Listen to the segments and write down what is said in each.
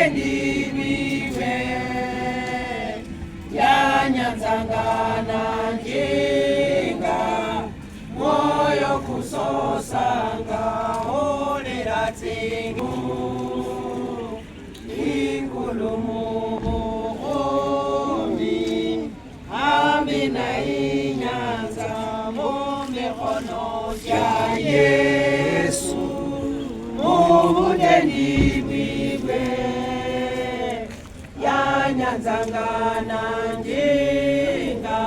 ya endimiwe na njinga moyo kusosanga sanga na njinga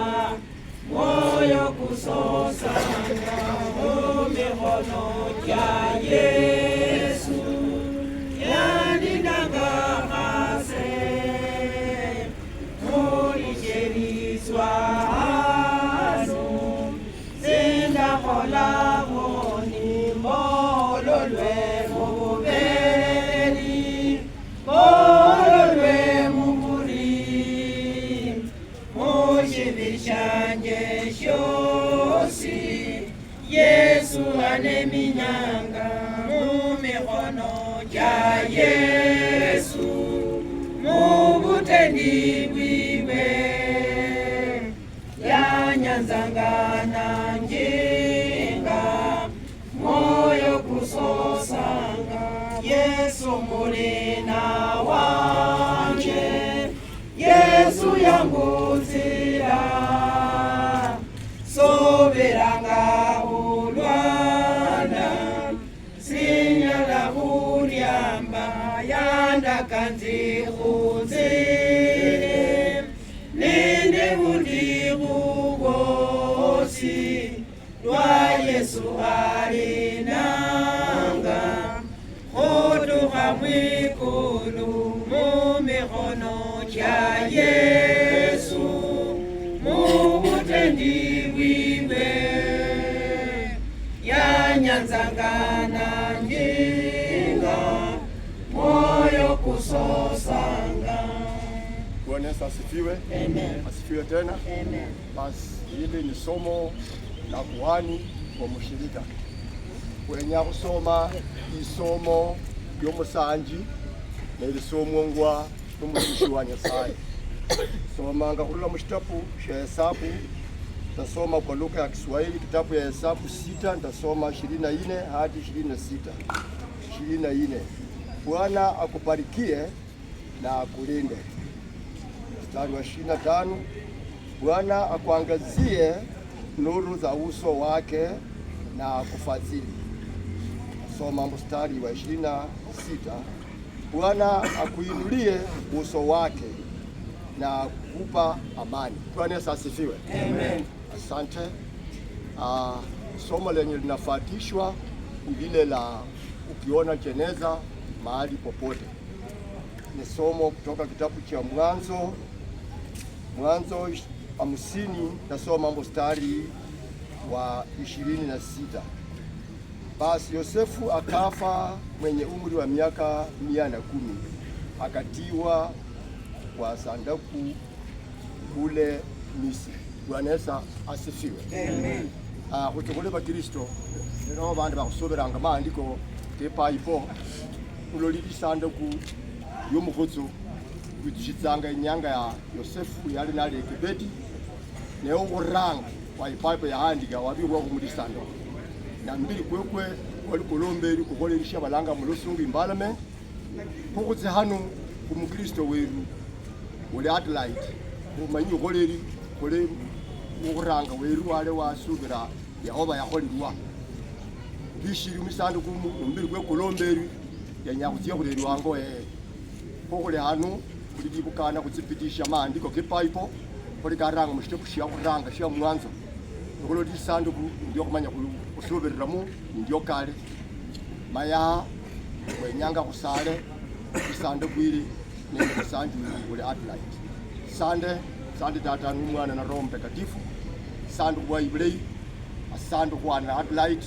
moyo kusosa 하고 kukusosanga. Bwana Yesu asifiwe. Amen. Asifiwe tena. Amen. Basi hili ni somo la kuhani kwa mushirika wenya kusoma isomo lyomusanji nelisomwongwa nomutumishi wa Nyasaye somanga khurula mushitabu sha Hesabu tasoma kwa lugha ya Kiswahili kitabu ya Hesabu sita ntasoma ishirini na ine hadi ishirini na sita ishirini na ine Bwana akubarikie na akulinde. Mstari wa ishirini na tano Bwana akuangazie nuru za uso wake na akufadhili. Soma mstari wa ishirini na sita Bwana akuinulie uso wake na kupa amani. Bwana asifiwe. Amen. Asante. Uh, somo lenye linafuatishwa lile la ukiona jeneza mahali popote. Ni somo kutoka kitabu cha Mwanzo, Mwanzo hamsini, tasoma mstari wa ishirini na sita. Basi Yosefu akafa mwenye umri wa miaka mia na kumi, akatiwa kwa sanduku kule Misri. Bwana Yesu asifiwe, amen. Ah, kutukule ba Kristo ndio bandu bakusoberanga maandiko ke paipo ulolilisa andoku yomukhotso witushitsanga inyanga ya yosefu yali nali ekibeti newe khuranga waipapo yahandika wabirwa khumulisa andoku kwekwe wali kulombeli kukholelisha balanga mulosungu imbalame kukhutse hano kumukristo weru uli adelaide umanyi ukholeli khole ukhuranga weru wale wasubira yahoba yakholelwa bishili musanduku ombili kwekulombeli yanyakuziye kulelwa ngoe eh. kokole hanu kulidibukana kuzipitisha maandiko ke Bible kuli karanga mushite kushia kuranga shia mwanzo nokolo lisanduku ndio kumanya kusubereramu ndio kale maya wenyanga kusale lisanduku ili nende kusanju kuli Adelaide sande sande tata numwana na Roho Mtakatifu sanduku wa Ibulei asanduku wana Adelaide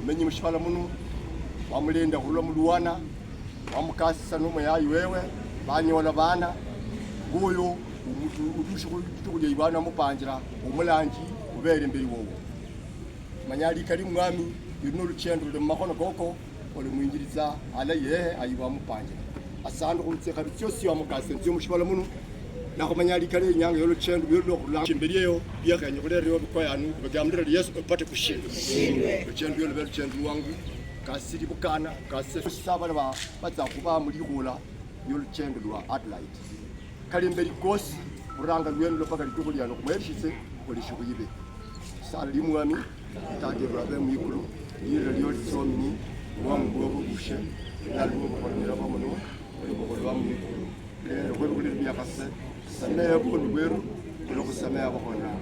umenye mushibala muno wamulenda khulwa muluwana wamukasisa nomuyayi wewe banyola bana guyu utushi khulituku ibana mupanjira umulanji ubele mbeli wowo manya likali mwami ilino luchendo luli mumakhono koko oli mwinjiliza ala yehe ayiwa mupanjira asandu khulutsekhabi tsiosi wamukasisa nzio mushibala muno nakhumanya likali inyanga yoluchendo lwelulwakhulula shimbelyeyo byekhenye khulereo bikoyanu kubegamdira yesu upate kushindwa luchendo lwelube luchendo lwangu kasi di bokana kasi se sa ba ba ba tsa go ba mo di gola yo le tsenge lwa adlight ka le mbedi kosi ranga lwen lo pakari to go liana go mo tshitse go le shugo yibe sa le mo ami ta ke ba ba mo ikulu di re di o tsomi ni wa mo go go bushe la lo go go mira ba mo no le go go ba mo ikulu le go go le mia fase sa le ya go go wero lo go sa me ya go na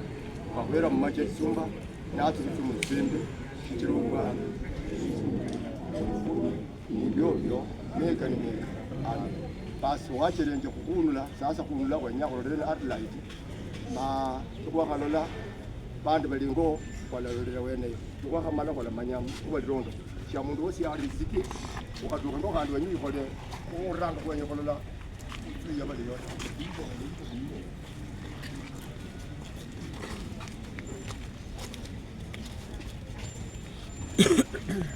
ba go era mo ma ke tsumba na tsumba tsumba tsende tshitirwa ba ibyovyo meka ni meka ano basi wachelenje kukunula sasa kunula kwenyakhulolela adelaide ma ikhwakhalola bandu balingo khwalalolela weneyo ikhwakhamala khwalamanya uwalirondo sha mundu wosi ariziki ukhatuka ndo khandi wenye uyikhole khuranga khwenye kholola utuya baliyota Yeah.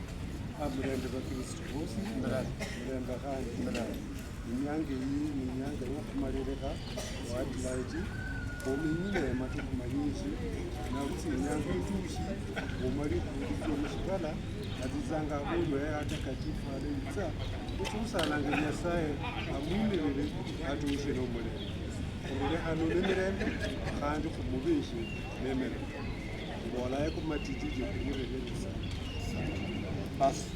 aburembe bakristo bose murembe khandi murali imyanga iyi ni imyanga yokhumalilikha wadilaiti ominyile matuku manyinji nautsi imyanga itushi mushibala azizanga khulwe ate kachifala itsa nyasaye amwimilile atuushile omulembe khurulikhana nemilembe khandi khumubishi nemilembe mbolaye kumatitiji khuyirelelisa basi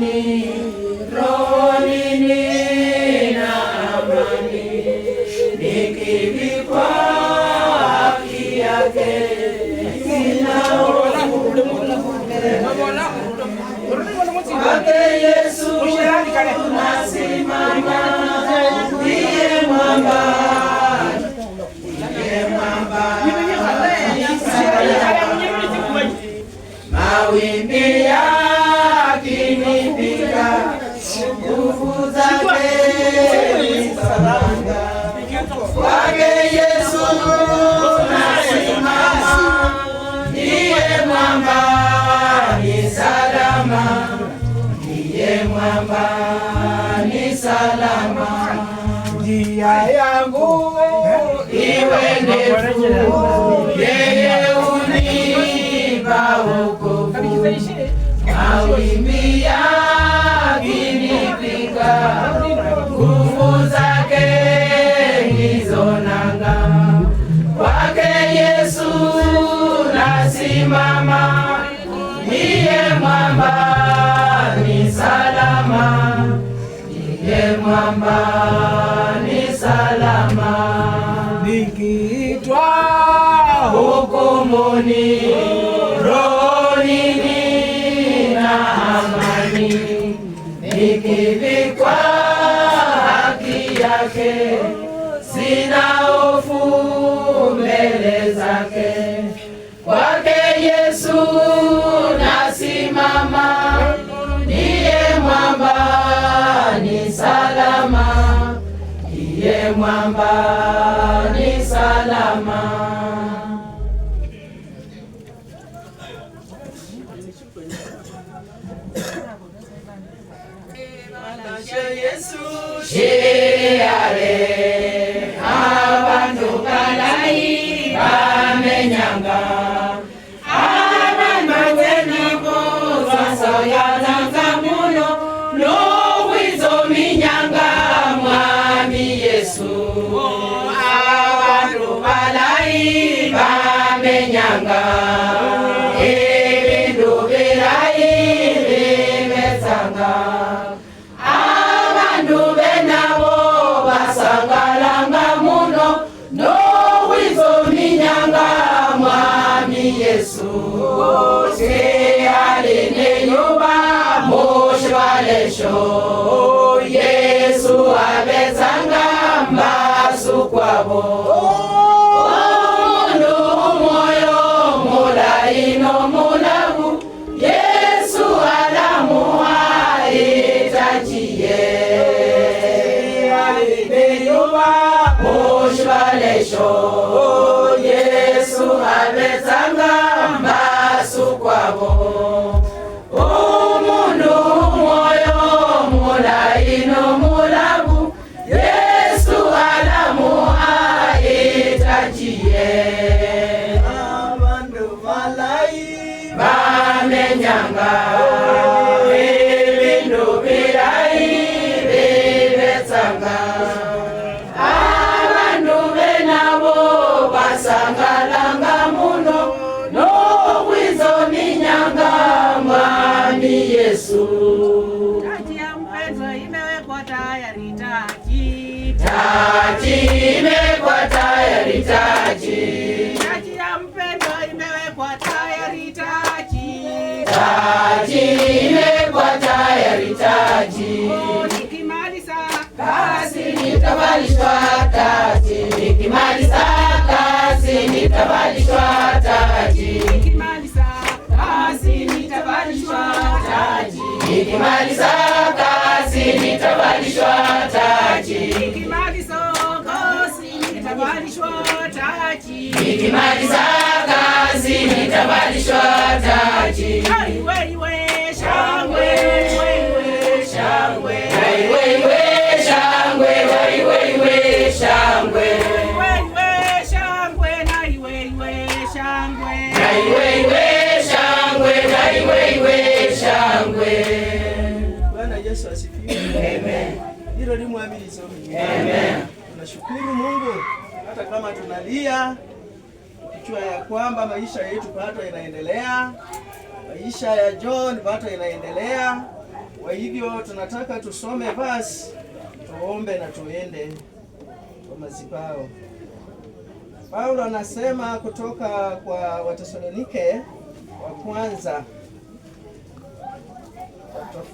amani, rohoni nina amani, yeye unipa wokovu, mawimbi yakinipiga, nguvu zake hizo nanga, kwake Yesu nasimama, niye mwamba ni salama, ndiye mwamba mbinguni, rohoni nina amani, nikivikwa haki yake, sina hofu mbele zake. Kwake Yesu nasimama, ndiye mwamba ni salama, ndiye mwamba ni salama taji ya mpendo imewekwa tayari, taji taji imewekwa tayari, taji oh, nikimaliza kazi nitavalishwa taji, nikimaliza kazi nitavalishwa taji, nikimaliza kazi nitavalishwa taji, nikimaliza kazi nitavalishwa taji, nikimaliza kazi nitavalishwa nikimaliza kazi nitavalishwa taji. Bwana Yesu asifiwe. Amen. Hilo limwamilizo. Amen. Tunashukuru Mungu hata kama tunalia kichwa ya kwamba maisha yetu bado inaendelea, maisha ya John bado inaendelea. Kwa hivyo tunataka tusome basi, tuombe na tuende kwa mazibao. Paulo anasema kutoka kwa Watesalonike wa kwanza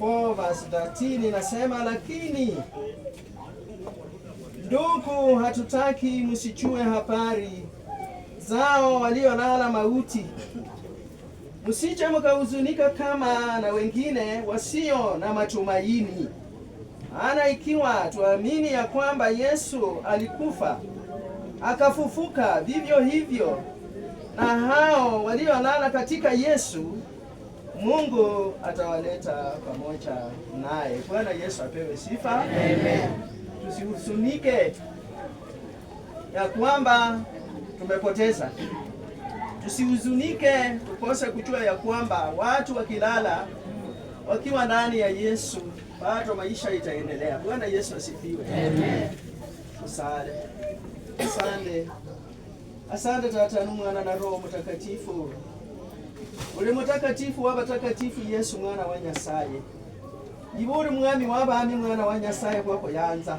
4 nasema inasema, lakini ndugu, hatutaki msichue habari zao waliolala mauti. Msije mkahuzunika kama na wengine wasio na matumaini. Maana ikiwa tuamini ya kwamba Yesu alikufa akafufuka, vivyo hivyo na hao waliolala katika Yesu, Mungu atawaleta pamoja naye. Bwana Yesu apewe sifa, amen. Tusihuzunike ya kwamba tumepoteza. Tusihuzunike tukose kujua ya kwamba watu wakilala wakiwa ndani ya Yesu bado maisha itaendelea. Bwana Yesu asifiwe. Amen. Asante, asante, asante Tata na Mwana na Roho Mtakatifu. Uli mutakatifu wa batakatifu Yesu mwana wa Nyasaye. Iburi mwami wa bami mwana wa Nyasaye kwako yanza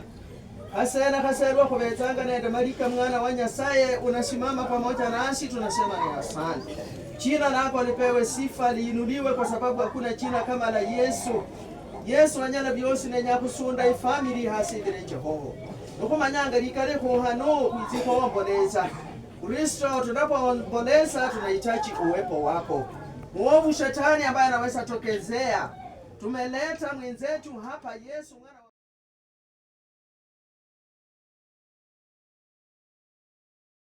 hasera haserwa kuvetsanga na Malika mwana wa Nyasaye, unasimama pamoja nasi, tunasema ni asante. Jina lako lipewe sifa, liinuliwe, kwa sababu hakuna jina kama la Yesu. Yesu anyala vyosi nenya kusunda ifamili hasivile Jehova ukumanyanga likare kuhano mitiko kwizikuomboleza Kristo. mboneza tunahitaji uwepo wako. Mwovu shetani ambaye anaweza tokezea, tumeleta mwenzetu hapa Yesu mwana